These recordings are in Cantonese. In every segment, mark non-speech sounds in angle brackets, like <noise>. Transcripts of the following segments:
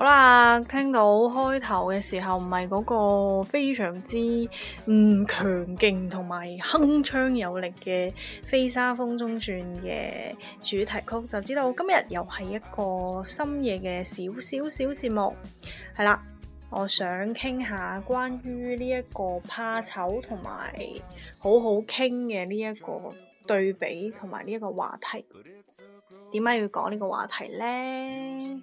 好啦，聽到開頭嘅時候唔係嗰個非常之唔強勁同埋鏗鏘有力嘅《飛沙風中轉》嘅主題曲，就知道今日又係一個深夜嘅小小小節目。係啦，我想傾下關於呢一個怕醜同埋好好傾嘅呢一個對比同埋呢一個話題，點解要講呢個話題呢？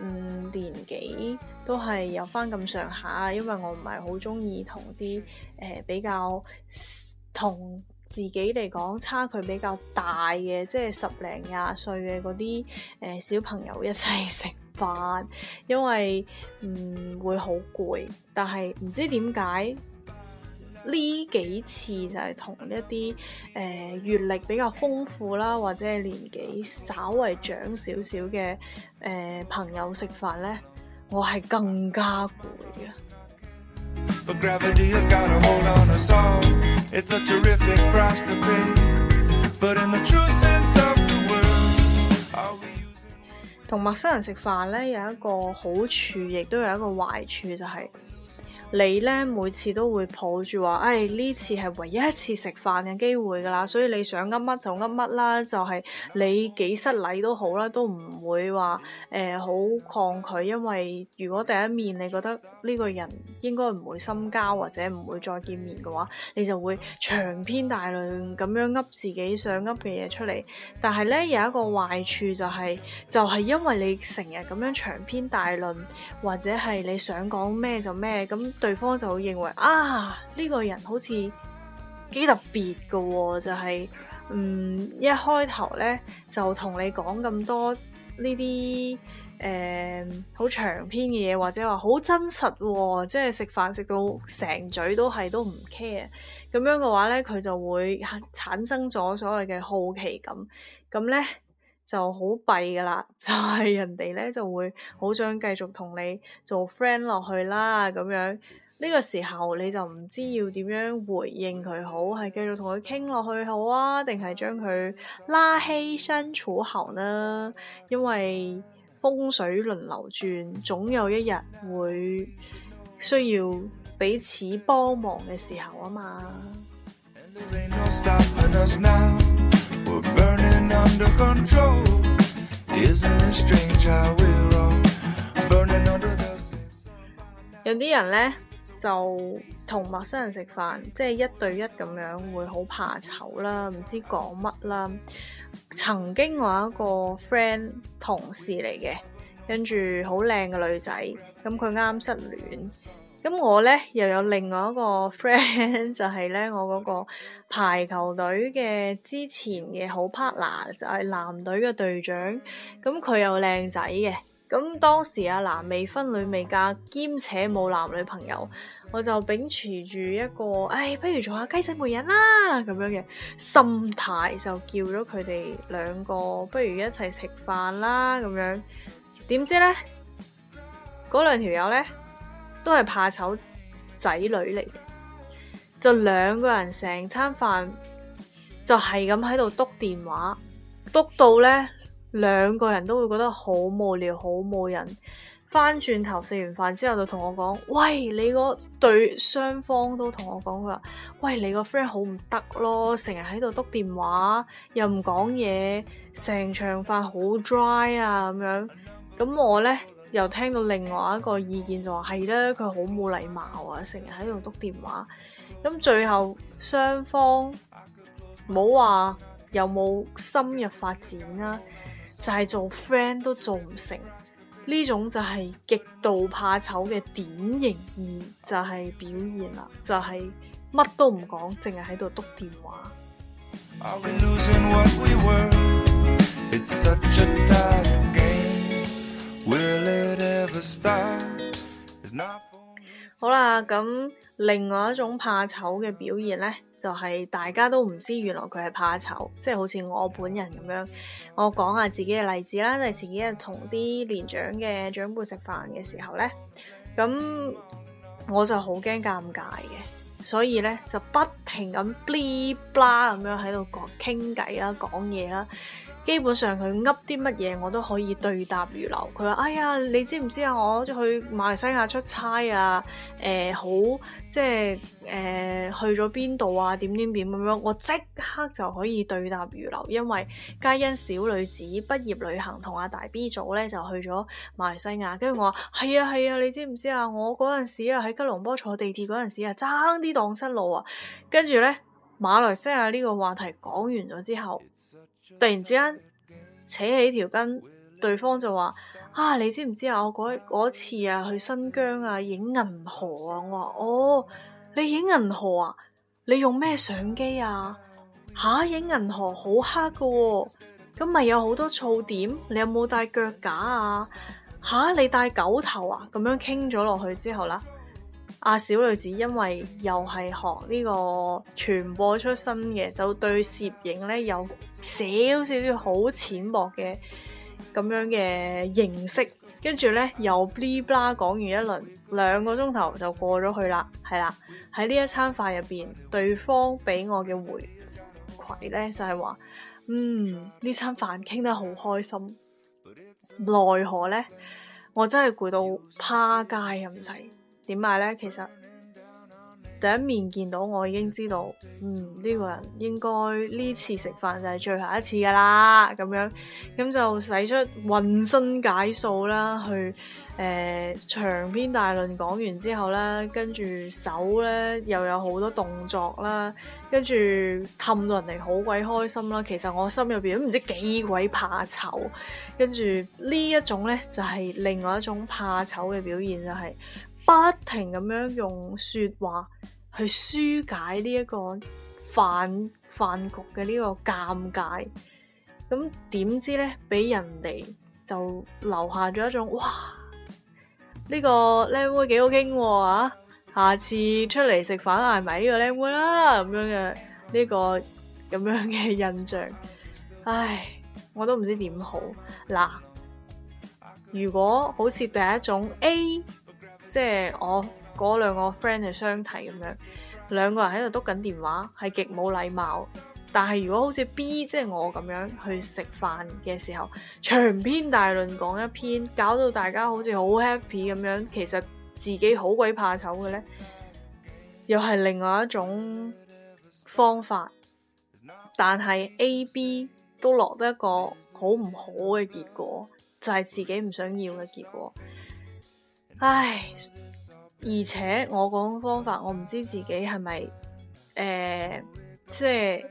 嗯，年紀都係有翻咁上下，因為我唔係好中意同啲誒比較同自己嚟講差距比較大嘅，即係十零廿歲嘅嗰啲誒小朋友一齊食飯，因為嗯會好攰，但係唔知點解。呢幾次就係同一啲誒閲歷比較豐富啦，或者係年紀稍為長少少嘅誒朋友食飯咧，我係更加攰嘅。同陌生人食飯咧有一個好處，亦都有一個壞處，就係、是。你咧每次都會抱住話，唉，呢次係唯一一次食飯嘅機會㗎啦，所以你想噏乜就噏乜啦，就係你幾失禮都好啦，都唔會話誒好抗拒，因為如果第一面你覺得呢個人應該唔會深交或者唔會再見面嘅話，你就會長篇大論咁樣噏自己想噏嘅嘢出嚟。但係咧有一個壞處就係，就係因為你成日咁樣長篇大論，或者係你想講咩就咩咁。嗯對方就會認為啊，呢、這個人好似幾特別嘅喎，就係、是、嗯一開頭呢，就同你講咁多呢啲誒好長篇嘅嘢，或者話好真實、哦，即係食飯食到成嘴都係都唔 care，咁樣嘅話呢，佢就會產生咗所謂嘅好奇感，咁呢。就好弊噶啦，就係、是、人哋咧就會好想繼續同你做 friend 落去啦，咁樣呢、這個時候你就唔知要點樣回應佢好，係繼續同佢傾落去好啊，定係將佢拉起身坐後呢？因為風水輪流轉，總有一日會需要彼此幫忙嘅時候啊嘛。有啲人呢，就同陌生人食飯，即係一對一咁樣，會好怕醜啦，唔知講乜啦。曾經我有一個 friend 同事嚟嘅，跟住好靚嘅女仔，咁佢啱啱失戀。咁我呢，又有另外一個 friend，就係呢，我嗰個排球隊嘅之前嘅好 partner，就係男隊嘅隊長。咁佢又靚仔嘅。咁當時阿男未婚女未嫁，兼且冇男女朋友，我就秉持住一個，唉，不如做下雞仔媒人啦咁樣嘅心態，就叫咗佢哋兩個，不如一齊食飯啦咁樣。點知呢？嗰兩條友呢。都係怕醜仔女嚟嘅，就兩個人成餐飯就係咁喺度督電話，督到呢，兩個人都會覺得好無聊，好冇癮。翻轉頭食完飯之後就同我講，喂，你個對雙方都同我講，佢話喂，你個 friend 好唔得咯，成日喺度督電話，又唔講嘢，成場飯好 dry 啊咁樣。咁我呢。又聽到另外一個意見就話係咧，佢好冇禮貌啊，成日喺度篤電話。咁最後雙方冇話有冇深入發展啦，啊，就係、是、做 friend 都做唔成。呢種就係極度怕醜嘅典型意就係表現啦，就係、是、乜都唔講，淨係喺度篤電話。Are we 好啦，咁另外一種怕醜嘅表現呢，就係、是、大家都唔知原來佢係怕醜，即係好似我本人咁樣。我講下自己嘅例子啦，就係前幾日同啲年長嘅長輩食飯嘅時候呢，咁我就好驚尷尬嘅，所以呢，就不停咁噼啪咁樣喺度傾偈啦，講嘢啦。基本上佢噏啲乜嘢，我都可以對答如流。佢話：哎呀，你知唔知啊？我去馬來西亞出差啊，誒、呃，好即係誒、呃、去咗邊度啊？點點點咁樣，我即刻就可以對答如流。因為佳欣小女子畢業旅行同阿大 B 組咧，就去咗馬來西亞。跟住我話：係啊，係啊，你知唔知啊？我嗰陣時啊，喺吉隆坡坐地鐵嗰陣時啊，爭啲蕩失路啊。跟住呢，馬來西亞呢個話題講完咗之後。突然之間扯起條筋，對方就話：啊，你知唔知啊？我嗰次啊，去新疆啊，影銀河啊！我話：哦，你影銀河啊？你用咩相機啊？吓、啊，影銀河好黑噶、啊，咁咪有好多噪點。你有冇帶腳架啊？吓、啊，你帶狗頭啊？咁樣傾咗落去之後啦。阿、啊、小女子因為又係學呢個傳播出身嘅，就對攝影呢有少少少好淺薄嘅咁樣嘅認識。跟住呢，又噼啪講完一輪兩個鐘頭就過咗去啦，係啦。喺呢一餐飯入邊，對方俾我嘅回饋呢，就係、是、話：嗯，呢餐飯傾得好開心。奈何呢，我真係攰到趴街啊！唔點解咧？其實第一面見到我已經知道，嗯，呢個人應該呢次食飯就係最後一次噶啦，咁樣咁就使出渾身解數啦，去誒長篇大論講完之後咧，跟住手咧又有好多動作啦，跟住氹到人哋好鬼開心啦。其實我心入邊都唔知幾鬼怕醜，跟住呢一種咧就係另外一種怕醜嘅表現，就係。不停咁樣用說話去紓解呢一個飯飯局嘅呢個尷尬，咁點知咧，俾人哋就留下咗一種哇，呢個靚妹幾好傾啊，下次出嚟食飯係咪呢個靚妹啦咁樣嘅呢個咁樣嘅印象，唉，我都唔知點好嗱，如果好似第一種 A。即係我嗰兩個 friend 係相睇咁樣，兩個人喺度篤緊電話，係極冇禮貌。但係如果好似 B 即係我咁樣去食飯嘅時候，長篇大論講一篇，搞到大家好似好 happy 咁樣，其實自己好鬼怕醜嘅咧，又係另外一種方法。但係 A、B 都落得一個好唔好嘅結果，就係自己唔想要嘅結果。唉，而且我講方法，我唔知自己係咪，誒、呃，即係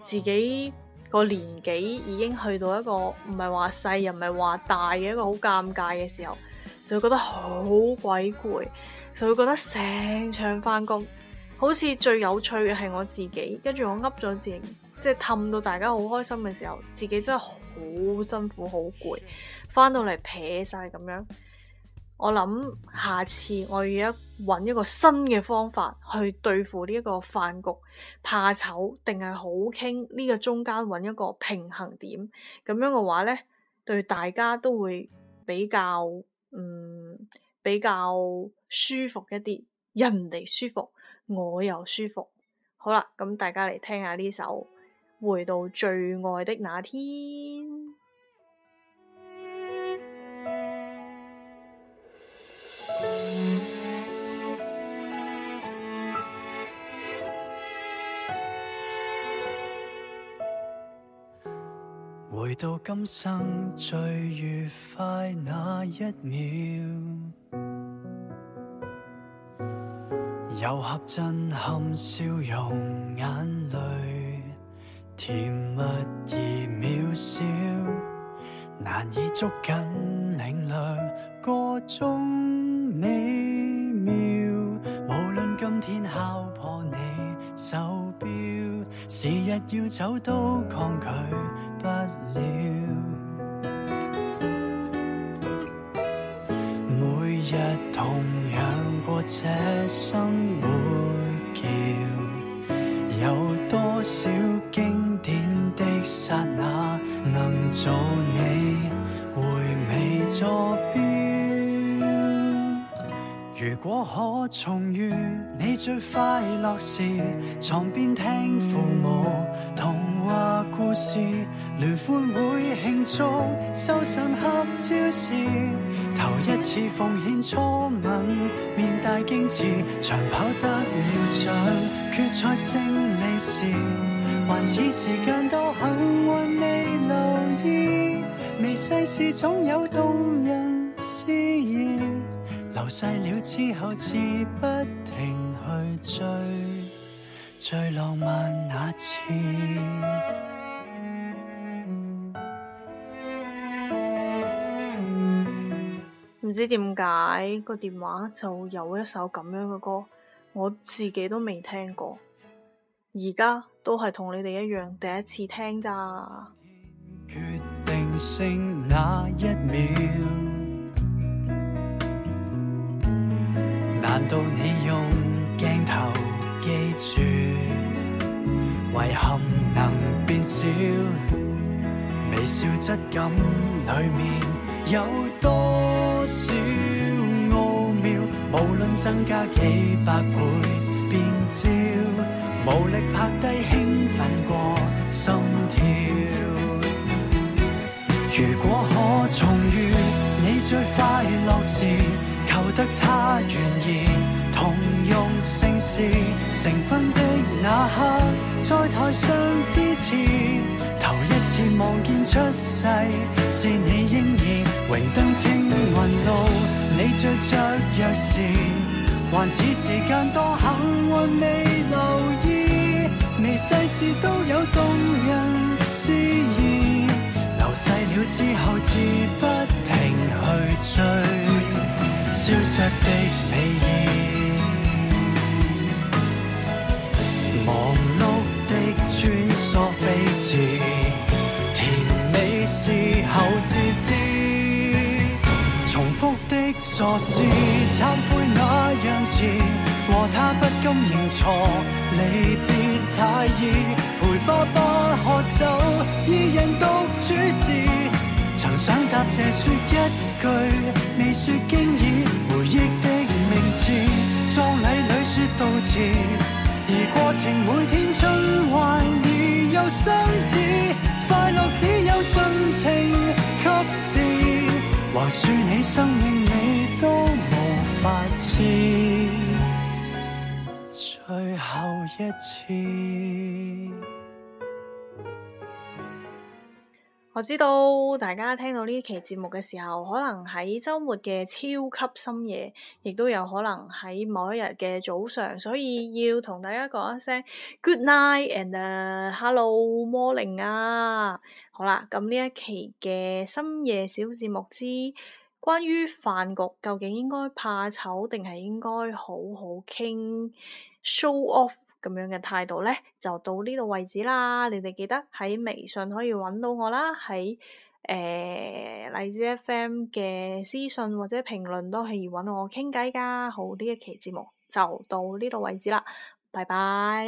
自己個年紀已經去到一個唔係話細又唔係話大嘅一個好尷尬嘅時候，就會覺得好鬼攰，就會覺得成場翻工，好似最有趣嘅係我自己，跟住我噏咗字，即係氹到大家好開心嘅時候，自己真係好辛苦好攰，翻到嚟撇晒咁樣。我諗下次我要一揾一個新嘅方法去對付呢一個飯局，怕醜定係好傾呢個中間揾一個平衡點，咁樣嘅話呢，對大家都會比較嗯比較舒服一啲，人哋舒服，我又舒服。好啦，咁大家嚟聽下呢首《回到最愛的那天》。回到今生最愉快那一秒，揉合震撼笑容、眼淚甜蜜而渺小，難以捉緊領略箇中美妙。無論今天敲破你手錶。時日要走都抗拒不了， <music> 每日同樣過這生活， <music> 叫有多少經典的刹那能做？若可重遇你最快樂時，床邊聽父母童話故事，聯歡會慶祝，壽辰合照時，頭一次奉獻初吻，面帶矜持，長跑得了獎，決賽勝利時，還似時間都很慢未留意，微細事總有動人詩意。流逝了之後，似不停去追最浪漫那次。唔知點解個電話就有一首咁樣嘅歌，我自己都未聽過，而家都係同你哋一樣第一次聽㗎。決定性那一秒。難道你用鏡頭記住，遺憾能變少？微笑質感裏面有多少奧妙？無論增加幾百倍變焦，無力拍低興奮過心跳。如果可重遇，你最快樂時。就得他願意同用姓氏成婚的那刻，在台上致辭，頭一次望見出世是你嬰兒榮登青雲路，你着着弱時，還似時間多幸運未留意，未世事都有動人詩意，流逝了之後自不停去追。消失的美意，忙碌的穿梭飛馳，甜美事後自知，重複的傻事，懺悔那樣子，和他不甘認錯，離別太易，陪爸爸喝酒，二人獨處時。曾想答謝，說一句，未說經已回憶的名字。葬禮裏說悼詞，而過程每天循環而又相似，快樂只有盡情及時。橫豎你生命你都無法知，最後一次。我知道大家聽到呢期節目嘅時候，可能喺週末嘅超級深夜，亦都有可能喺某一日嘅早上，所以要同大家講一聲 Good night and hello morning 啊！好啦，咁呢一期嘅深夜小節目之關於飯局究竟應該怕醜定係應該好好傾 show off。咁樣嘅態度咧，就到呢度為止啦。你哋記得喺微信可以揾到我啦，喺誒、呃、荔枝 FM 嘅私信或者評論都可以揾我傾偈噶。好，呢一期節目就到呢度為止啦，拜拜。